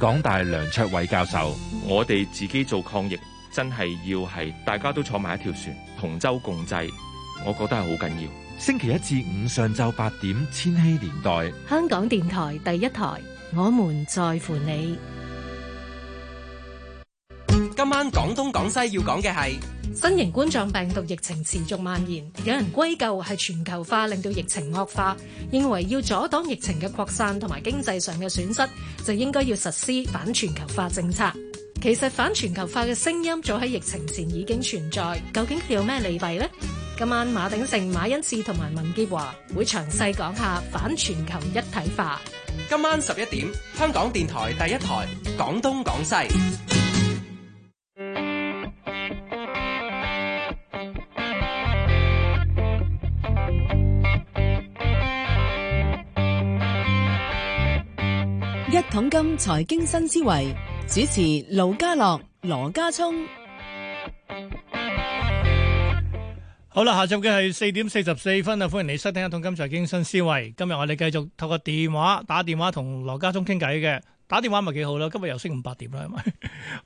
港大梁卓偉教授，我哋自己做抗疫，真係要係大家都坐埋一條船，同舟共濟，我覺得係好緊要。星期一至五上晝八點，千禧年代，香港電台第一台，我們在乎你。今晚講東講西要講嘅係。新型冠狀病毒疫情持續蔓延，有人歸咎係全球化令到疫情惡化，認為要阻擋疫情嘅擴散同埋經濟上嘅損失，就應該要實施反全球化政策。其實反全球化嘅聲音早喺疫情前已經存在，究竟叫咩利弊呢？今晚馬鼎盛、馬恩賜同埋文潔華會詳細講下反全球一體化。今晚十一點，香港電台第一台廣東廣西。統金財經新思維主持盧家樂、羅家聰。好啦，下晝嘅係四點四十四分啊！歡迎你收聽《統金財經新思維》。今日我哋繼續透過電話，打電話同羅家聰傾偈嘅，打電話咪幾好咯？今日又升五百點啦，係咪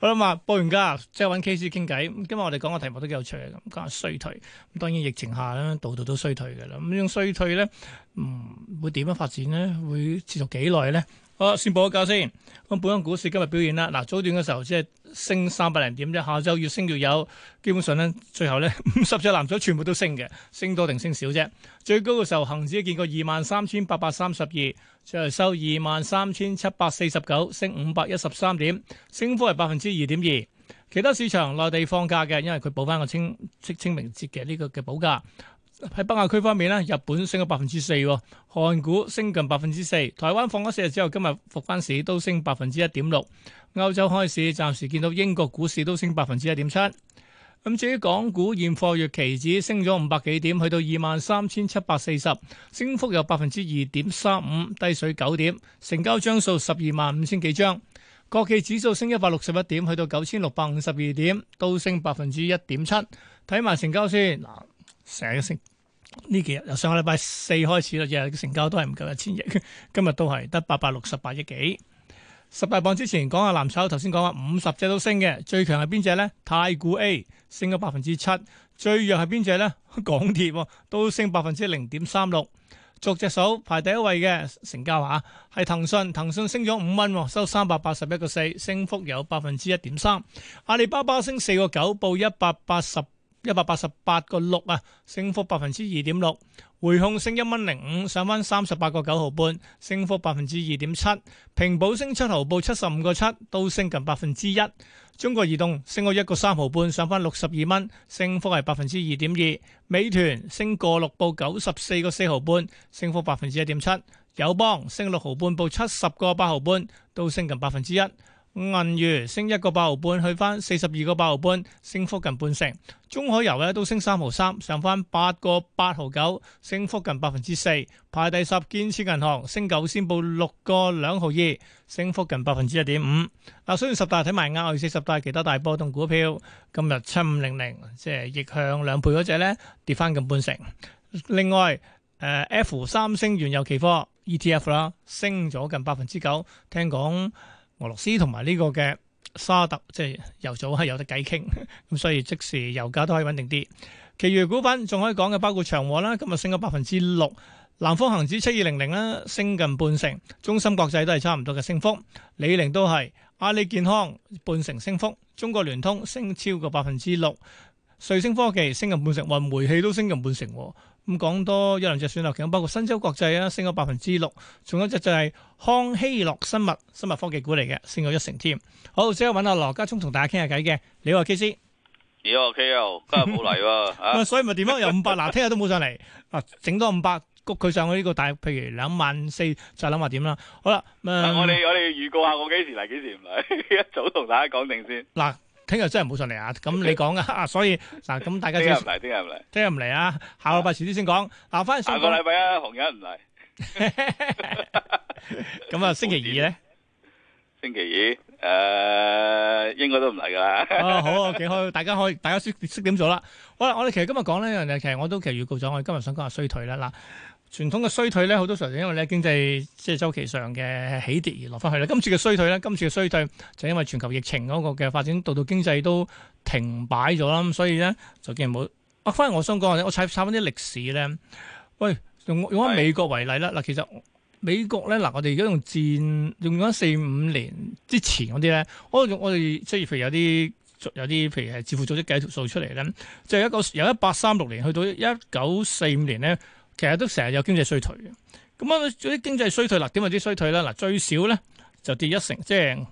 好啦？嘛，播完家即係揾 KC 傾偈。今日我哋講個題目都幾有趣，嘅，咁講係衰退。咁當然疫情下啦，度度都衰退噶啦。咁種衰退咧，唔、嗯、會點樣發展咧？會持續幾耐咧？好，先報一價先。咁本港股市今日表現啦，嗱早段嘅時候即係升三百零點啫，下晝越升越有，基本上咧最後咧五十隻藍籌全部都升嘅，升多定升少啫。最高嘅時候恒指見過二萬三千八百三十二，再收二萬三千七百四十九，升五百一十三點，升幅係百分之二點二。其他市場內地放假嘅，因為佢補翻個清，即清明節嘅呢個嘅補假。喺北亞區方面咧，日本升咗百分之四，韓股升近百分之四，台灣放咗四日之後，今日復翻市都升百分之一點六。歐洲開市暫時見到英國股市都升百分之一點七。咁至於港股現貨月期指升咗五百幾點，去到二萬三千七百四十，升幅有百分之二點三五，低水九點，成交張數十二萬五千幾張。國企指數升一百六十一點，去到九千六百五十二點，都升百分之一點七。睇埋成交先嗱。成日都升，呢幾日由上個禮拜四開始啦，日日成交都係唔夠一千億，今日都係得八百六十八億幾。十大榜之前講下藍籌，頭先講下五十隻都升嘅，最強係邊隻咧？太古 A 升咗百分之七，最弱係邊隻咧？港鐵都升百分之零點三六。逐隻數排第一位嘅成交啊，係騰訊，騰訊升咗五蚊，收三百八十一個四，升幅有百分之一點三。阿里巴巴升四個九，報一百八十。一百八十八個六啊，6，升幅百分之二點六，匯控升一蚊零五，上翻三十八個九毫半，升幅百分之二點七，平保升七毫報七十五個七，都升近百分之一。中國移動升過一個三毫半，上翻六十二蚊，升幅係百分之二點二。美團升過六報九十四個四毫半，升幅百分之一點七。友邦升六毫半報七十個八毫半，都升近百分之一。銀娛升一個八毫半，去翻四十二個八毫半，升幅近半成。中海油咧都升三毫三，上翻八個八毫九，升幅近百分之四。排第十，建設銀行升九仙報六個兩毫二，升幅近百分之一點五。嗱，雖然十大睇埋啱，但係四十大其他大波動股票今日七五零零，即係逆向兩倍嗰隻咧跌翻近半成。另外，誒 F 三星原油期貨 ETF 啦，升咗近百分之九，聽講。俄羅斯同埋呢個嘅沙特，即係油組係有得偈傾，咁所以即時油價都可以穩定啲。其餘股份仲可以講嘅包括長和啦，今日升咗百分之六；南方恒指七二零零啦，升近半成；中芯國際都係差唔多嘅升幅，李寧都係，阿里健康半成升幅，中國聯通升超過百分之六，瑞星科技升近半成，運煤氣都升近半成。咁講多一兩隻選牛股，包括新洲國際啊，升咗百分之六，仲有一隻就係康希諾生物，生物科技股嚟嘅，升咗一成添。好，即刻揾阿羅家聰同大家傾下偈嘅，你話 KC？你話 K 又今日冇嚟喎，啊，所以咪點樣又五百，嗱聽日都冇上嚟，啊，整多五百谷佢上去呢個大，譬如兩萬四，就諗下點啦。好啦，嗯，我哋我哋預告下我幾時嚟，幾時唔嚟，一早同大家講定先。嗱。 聽日真係冇上嚟 Okay. 啊！咁你講嘅，所以嗱咁、啊、大家先。聽日唔嚟，聽日唔嚟啊！啊下個禮拜遲啲先講。嗱，翻去收。下個禮拜啊，紅日唔嚟。咁 啊，星期二咧？星期二誒，應該都唔嚟噶啦。啊，好啊，幾好！大家可以大家識識點做啦。好啦，我哋其實今日講呢一樣嘢，其實我都其實預告咗，我哋今日想講下衰退啦嗱。傳統嘅衰退咧，好多時候就因為咧經濟即係週期上嘅起跌而落翻去咧。今次嘅衰退咧，今次嘅衰退就因為全球疫情嗰個嘅發展，導致經濟都停擺咗啦。咁所以咧就竟然冇啊。反而我想講嘅，我查翻啲歷史咧。喂，用用翻美國為例啦。嗱，其實美國咧嗱，我哋而家用戰用翻四五年之前嗰啲咧，我我哋即係譬如有啲有啲譬如誒致富組織計條數出嚟咧，就一個由一八三六年去到一九四五年咧。其實都成日有經濟衰退嘅。咁、嗯、啊，有啲經濟衰退啦，點為之衰退啦，嗱，最少咧就跌一成，即係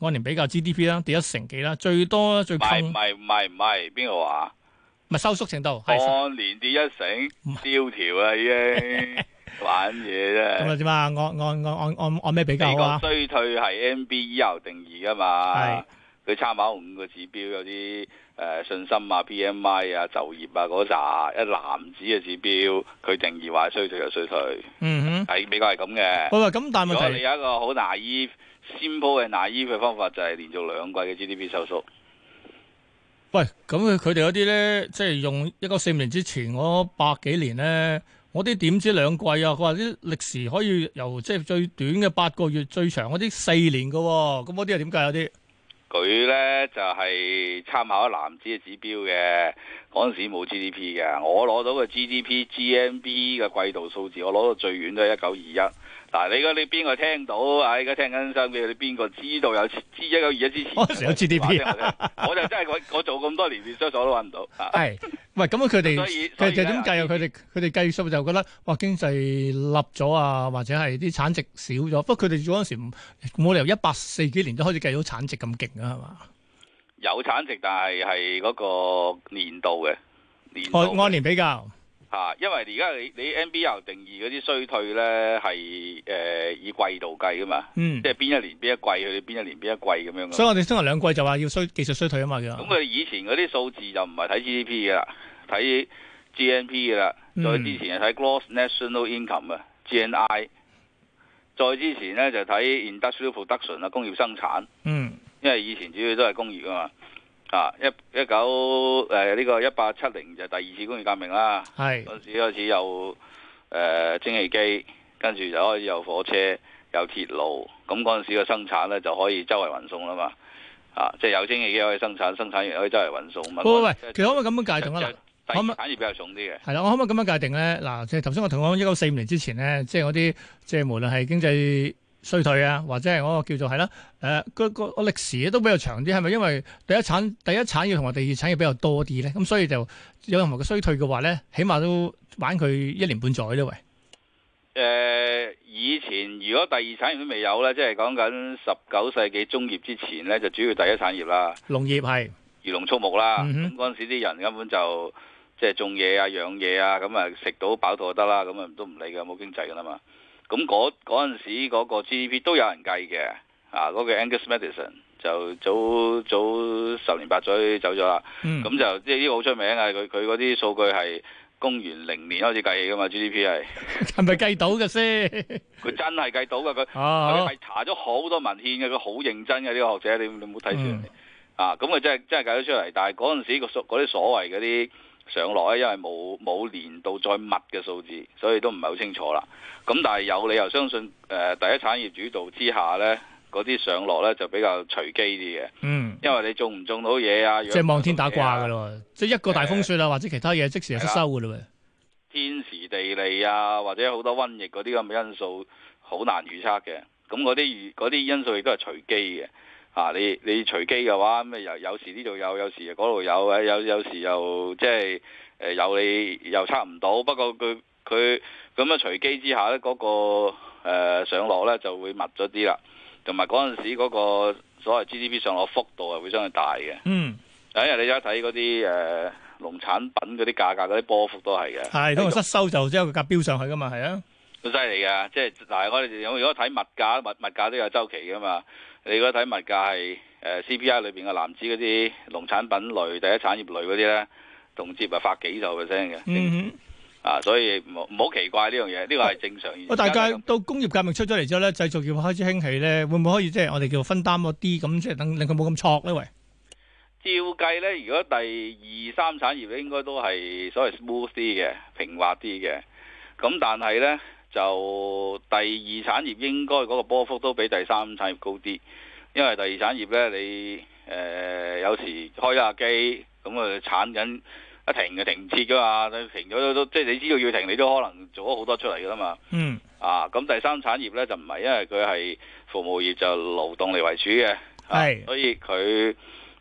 按年比較 GDP 啦，跌一成幾啦，最多最唔係唔係唔係，邊個話？唔係收縮程度，按年跌一成，蕭條啊，已經玩嘢啫。咁啊，點啊？按按按按按按咩比較個衰退係 NBER 定義噶嘛？佢參考五個指標，有啲誒、呃、信心啊、P M I 啊、就業啊嗰紮一籃子嘅指標，佢定義話衰退就衰退，嗯哼、嗯，係美國係咁嘅。喂喂，咁但係你有一個好 naive simple 嘅 naive 嘅方法，就係、是、連續兩季嘅 G D P 收縮。喂，咁佢哋嗰啲咧，即係用一個四年之前年，我百幾年咧，我啲點知兩季啊？佢話啲歷時可以由即係最短嘅八個月，最長嗰啲四年噶，咁嗰啲係點計啊？啲佢咧就係、是、參考一籃子嘅指標嘅。嗰陣時冇 GDP 嘅，我攞到嘅 GDP GMB 嘅季度數字，我攞到最遠都係一九二一。嗱、啊，你嗰啲邊個聽到？而、哎、家聽緊收聞，你邊個知道有？一九二一之前嗰陣時有 GDP，者 我就真係我，我做咁多年研究所都揾唔到。係 喂，咁啊，佢哋佢哋點計啊？佢哋佢哋計數就覺得哇，經濟立咗啊，或者係啲產值少咗。不過佢哋做嗰陣時冇理由一百四幾年都開始計到產值咁勁啊，係嘛？有產值，但係係嗰個年度嘅年按，哦、年比較嚇，因為而家你你 m b l 定義嗰啲衰退咧係誒以季度計噶嘛，嗯、即係邊一年邊一季，佢邊一年邊一季咁樣。所以我哋升頭兩季就話要衰技術衰退啊嘛，咁佢以前嗰啲數字就唔係睇 GDP 嘅啦，睇 GNP 嘅啦，再之前係睇 gross national income 啊，GNI，再之前咧就睇 industrial production 啊，工業生產。嗯因為以前主要都係工業啊嘛，啊一一九誒呢個一八七零就第二次工業革命啦，嗰陣是時開始有誒蒸汽機，跟住就可以有火車、有鐵路，咁嗰陣時嘅生產咧就可以周圍運送啦嘛，啊即係有蒸汽機可以生產，生產完可以周圍運送。喂、就是、喂喂，其實可唔可以咁樣界定就可唔可以咁產業比較重啲嘅係啦，我可唔可以咁樣界定咧？嗱，即係頭先我同講一九四五年之前咧，即係嗰啲即係無論係經濟。衰退啊，或者係嗰個叫做係啦，誒個、呃那個歷史都比較長啲，係咪因為第一產第一產業同埋第二產業比較多啲咧？咁所以就有任何嘅衰退嘅話咧，起碼都玩佢一年半載咧、啊？喂、呃，誒以前如果第二產業都未有咧，即係講緊十九世紀中葉之前咧，就主要第一產業啦，農業係，漁農畜牧啦，咁嗰、嗯、哼時啲人根本就即係種嘢啊、養嘢啊，咁啊食到飽肚就得啦，咁啊都唔理㗎，冇經濟㗎啦嘛。咁嗰嗰陣時嗰個 GDP 都有人計嘅，啊、那、嗰個 Angus Maddison 就早早十年八載走咗啦，咁、嗯、就即係呢個好出名啊！佢佢嗰啲數據係公元零年開始計嘅嘛，GDP 係係咪計到嘅先？佢真係計到嘅，佢佢、 啊啊、查咗好多文獻嘅，佢好認真嘅呢、這個學者，你你唔好睇住嚟啊！咁佢真係真係計得出嚟，但係嗰陣時嗰啲所，所謂嗰啲。上落咧，因為冇冇連到再密嘅數字，所以都唔係好清楚啦。咁但係有理由相信，誒、呃、第一產業主導之下咧，嗰啲上落咧就比較隨機啲嘅。嗯，因為你種唔種到嘢啊，嗯、即係望天打卦噶咯。啊、即係一個大風雪啊，或者其他嘢即時就失收噶啦。天時地利啊，或者好多瘟疫嗰啲咁嘅因素，好難預測嘅。咁啲預嗰啲因素亦都係隨機嘅。啊！你你隨機嘅話咁啊，有有時呢度有，有時嗰度有，有時有，有，有時又即係誒、呃、有你又測唔到。不過佢佢咁啊隨機之下咧，嗰、嗰個、呃、上落咧就會密咗啲啦。同埋嗰陣時嗰個所謂 GDP 上落幅度係會相對大嘅。嗯，誒你而家睇嗰啲誒農產品嗰啲價格嗰啲波幅都係嘅。係的，因為失收就即係佢價飆上去噶嘛。係啊，好犀利嘅。即係嗱，我哋如果睇物價物物，物，物價都有周期嘅嘛。你嗰睇物價係 CPI 裏邊嘅藍字嗰啲農產品類、第一產業類嗰啲咧，同接啊發幾十嘅 percent 嘅，嗯、哼啊，所以唔好唔好奇怪呢樣嘢，呢個係正常現象，啊。大家到工業革命出咗嚟之後咧，製造業開始興起咧，會唔會可以即係、就是、我哋叫分擔一啲咁，即係等令佢冇咁錯咧？喂，照計咧，如果第二三產業應該都係所謂 smooth 啲嘅、平滑啲嘅，咁但係咧。就第二產業應該嗰個波幅都比第三產業高啲，因為第二產業呢，你誒、呃、有時開下機咁啊，產緊一停就停唔切噶嘛，你停咗都即係你知道要停，你都可能做咗好多出嚟噶啦嘛。嗯。啊，咁第三產業呢，就唔係，因為佢係服務業就勞動力為主嘅，係是、啊，所以佢誒、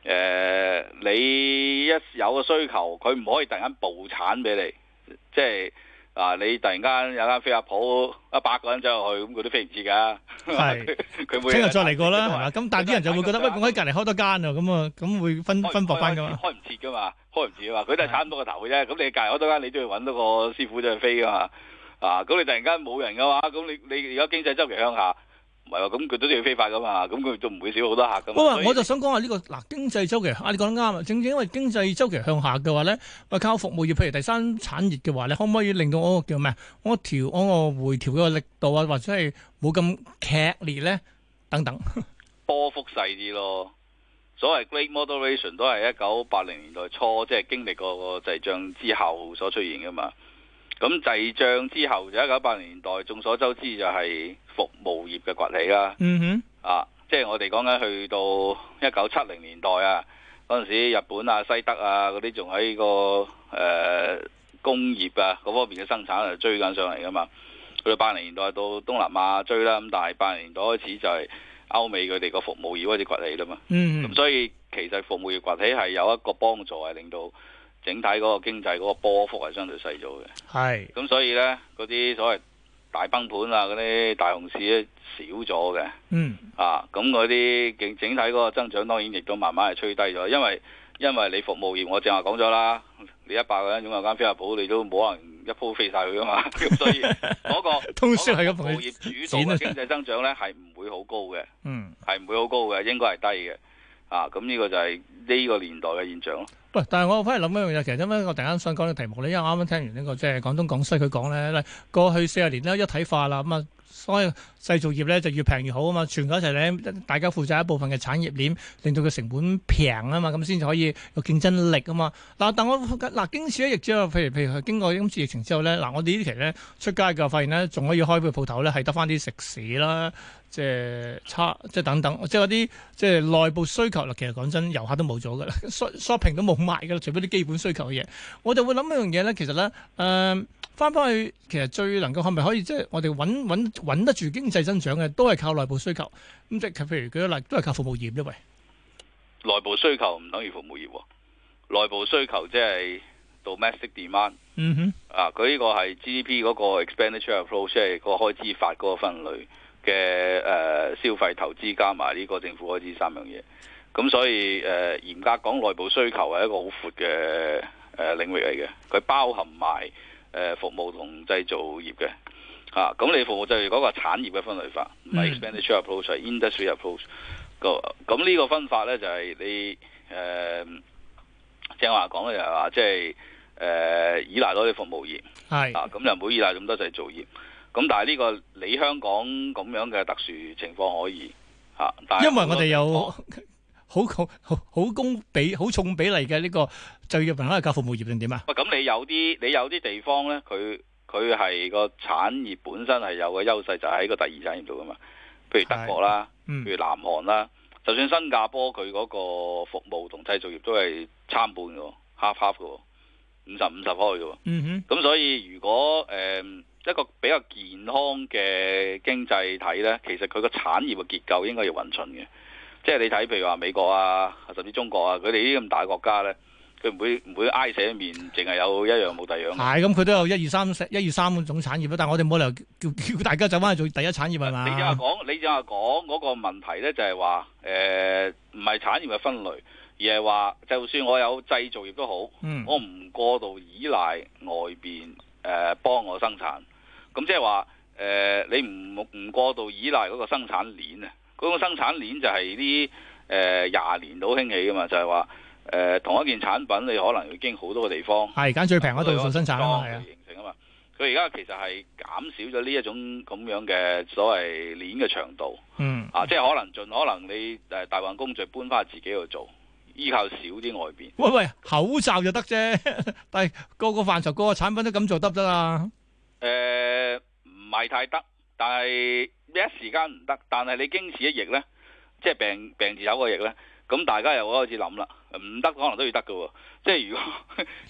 呃、你一有個需求，佢唔可以突然間暴產俾你，即係。嗱、啊，你突然間有間飛髮鋪一百個人走入去，咁佢都飛唔切噶。係， 佢每日聽日再嚟過啦。咁但係啲人就會覺得，喂，咁喺隔離開多間啊，咁啊，咁會分分薄翻噶嘛。開唔切噶嘛，開唔切啊嘛。佢都係差唔多個頭嘅啫。咁的你隔離開多間，你都要揾到個師傅再去飛噶嘛。啊，咁你突然間冇人嘅話，咁你你而家經濟周期向下。啊。唔係喎，咁佢都都要非法噶嘛，咁佢都唔會少好多客噶嘛。不過我就想講下呢個嗱經濟周期，啊你講得啱啊，正正因為經濟周期向下嘅話咧，咪靠服務業，譬如第三產業嘅話，你可唔可以令到我叫咩？我調我個回調嘅力度啊，或者係冇咁劇烈咧，等等，波 幅細啲咯。所謂 Great Moderation 都係一九八零年代初即係經歷過個滯脹之後所出現噶嘛。咁滯脹之後就一九八零年代，眾所周知就係服務業嘅崛起啦。嗯哼，啊，即係我哋講緊去到一九七零年代啊，嗰陣時日本啊、西德啊嗰啲仲喺個誒、呃、工業啊嗰方面嘅生產嚟追緊上嚟噶嘛。去到八零年代到東南亞追啦，咁但係八零年代開始就係歐美佢哋個服務業開始崛起啦嘛。嗯哼，咁所以其實服務業崛起係有一個幫助係，令到，整體嗰個經濟嗰個波幅係相對細咗嘅，係咁是所以咧嗰啲所謂大崩盤啊嗰啲大熊市咧少咗嘅。嗯啊，咁嗰啲整整體嗰個增長當然亦都慢慢係吹低咗，因為因為你服務業，我正話講咗啦，你一百個人擁有間飛髮舖，你都冇可能一鋪飛晒佢噶嘛，咁 所以嗰、那個通宵係咁， 那個那個、服務業主導經濟增長咧係唔會好高嘅，嗯係唔會好高嘅，應該係低嘅。啊咁呢個就係呢個年代嘅現象咯。喂，但係我反而諗一樣嘢，其實點解我突然間想講呢個題目咧？因為啱啱聽完呢、這個即係、就是、廣東廣西佢講咧，咧過去四十年咧一體化啦，咁啊，所以製造業咧就越平越好啊嘛，全球一齊咧，大家負責一部分嘅產業鏈，令到佢成本平啊嘛，咁先至可以有競爭力啊嘛。嗱，但我嗱經此一役，亦即係譬如譬如經過今次疫情之後咧，嗱我哋呢期咧出街嘅發現咧，仲可以開嘅鋪頭咧係得翻啲食肆啦。即係差，即係等等，即係啲即係內部需求啦。其實講真，遊客都冇咗噶啦，shopping 都冇賣噶啦，除非啲基本需求嘅嘢。我就會諗一樣嘢咧，其實咧，誒、呃，翻翻去其實最能夠係咪可以即係我哋穩穩穩得住經濟增長嘅，都係靠內部需求。咁即係譬如舉個例，都係靠服務業。內部需求唔等於服務業，內部需求即係 domestic demand。嗯哼，啊，佢呢個係 GDP 嗰個 e x p e n d i o n a p p r o a 即係個開支法嗰個分類。嘅誒、呃、消費、投資加埋呢個政府開支三樣嘢，咁所以誒、呃、嚴格講內部需求係一個好闊嘅誒、呃、領域嚟嘅，佢包含埋誒、呃、服務同製造業嘅嚇。咁、啊、你服務製造嗰個產業嘅分類法，唔係 expenditure approach，係 industry approach 個、嗯。咁呢、啊、個分法咧就係、是、你誒、呃、正話講嘅、就是，就係話即係誒依賴多啲服務業，係是啊咁就唔好依賴咁多製造業。咁但係呢、這個你香港咁樣嘅特殊情況可以吓，但因為我哋有好好好供比好重比例嘅呢個就業平衡係搞服務業定點啊？咁你有啲你有啲地方咧，佢佢係個產業本身係有個優勢，就係喺個第二產業度噶嘛。譬如德國啦，的譬如南韓啦，嗯、就算新加坡，佢嗰個服務同製造業都係參半嘅，Half Half 嘅，五十五十開嘅。50, 50嗯哼，咁所以如果誒。呃一個比較健康嘅經濟體咧，其實佢個產業嘅結構應該要勻循嘅。即係你睇，譬如話美國啊，甚至中國啊，佢哋呢啲咁大嘅國家咧，佢唔會唔會挨晒一面，淨係有一樣冇第二樣。係咁，佢都有一二三四一二三種產業，但係我哋冇理由叫，叫，叫大家走翻去做第一產業啊嘛。你正話講，你正話講嗰個問題咧，就係話誒唔係產業嘅分類，而係話就算我有製造業都好，嗯、我唔過度依賴外邊誒、呃、幫我生產。咁即係話，誒、呃，你唔唔過度依賴嗰個生產鏈啊？嗰、那、種、個、生產鏈就係啲誒廿年都興起噶嘛，就係、是、話，誒、呃，同一件產品你可能要經好多個地方。係揀最平嗰度生產咯，啊、形成啊嘛。佢而家其實係減少咗呢一種咁樣嘅所謂鏈嘅長度。嗯。啊，即係可能盡可能你誒大運工序搬翻去自己度做，依靠少啲外邊。喂喂，口罩就得啫，但係個個範疇，個個產品都咁做得唔得啊？誒、呃。係太得，但係一時間唔得，但係你經此一疫咧，即係病病字走個疫咧，咁大家又開始諗啦，唔得可能都要得噶，即係如果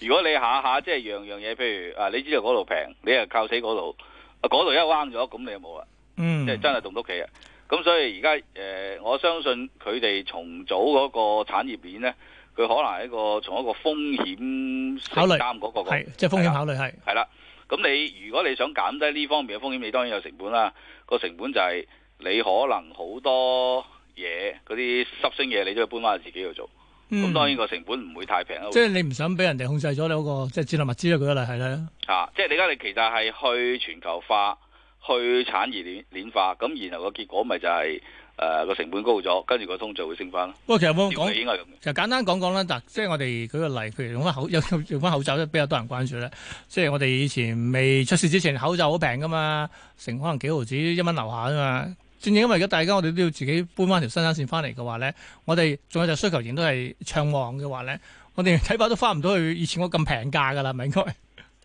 如果你下下即係樣樣嘢，譬如啊，你知道嗰度平，你又靠死嗰度，嗰度一彎咗，咁你又冇啦，嗯，即係真係棟到屋企啊，咁所以而家誒，我相信佢哋重組嗰個產業鏈咧，佢可能係一個從一個風險考慮慮嗰、嗰個即係、就係、風險考慮係係啦。是咁你如果你想減低呢方面嘅風險，你當然有成本啦。個成本就係你可能好多嘢，嗰啲濕性嘢，你都要搬翻去自己度做。咁、嗯、當然個成本唔會太平。即係你唔想俾人哋控制咗你嗰個，即係只能物資咗佢啦，係啦。啊，即係你而家你其實係去全球化、去產業鏈鏈化，咁然後個結果咪就係、是。誒個、呃、成本高咗，跟住個通脹會升翻咯。喂，其實我講，應該咁就簡單講講啦，嗱，即係我哋舉個例，譬如用翻口，用翻口罩咧比較多人關注咧。即係我哋以前未出事之前，口罩好平噶嘛，成可能幾毫紙一蚊樓下吖嘛。正正因為而家大家我哋都要自己搬翻條生產線翻嚟嘅話咧，我哋仲有就需求仍都係暢旺嘅話咧，我哋睇怕都翻唔到去以前嗰咁平價噶啦，咪應該。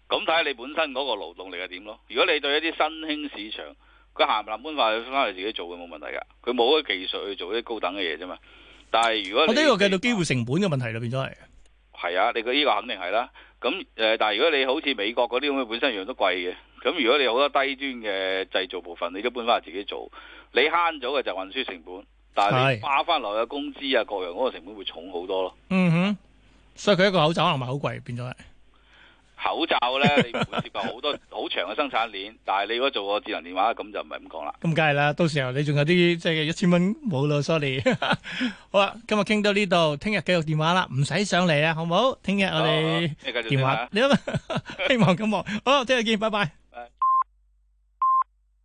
咁睇下你本身嗰個勞動力係點咯？如果你對一啲新興市場，佢鹹鹹搬翻嚟自己做嘅冇問題噶，佢冇嗰技術去做啲高等嘅嘢啫嘛。但係如果呢個計到機會成本嘅問題啦，變咗係係啊，你呢個肯定係啦。咁誒，但係如果你好似美國嗰啲咁嘅本身樣都貴嘅，咁如果你有好多低端嘅製造部分，你都搬翻嚟自己做，你慳咗嘅就運輸成本，但係你花翻落嘅工資啊，各樣嗰個成本會重好多咯。嗯哼，所以佢一個口罩可能咪好貴，變咗係。 口罩咧，你唔會涉及好多好長嘅生產鏈，但係你如果做個智能電話，咁就唔係咁講啦。咁梗係啦，到時候你仲有啲即係一千蚊冇啦，sorry。 好啦，啊，今日傾到呢度，聽日繼續電話啦，唔使上嚟啊，好唔好？聽日我哋繼續電話，你啊，話 希望咁忙， 好，啊，聽日見，拜拜。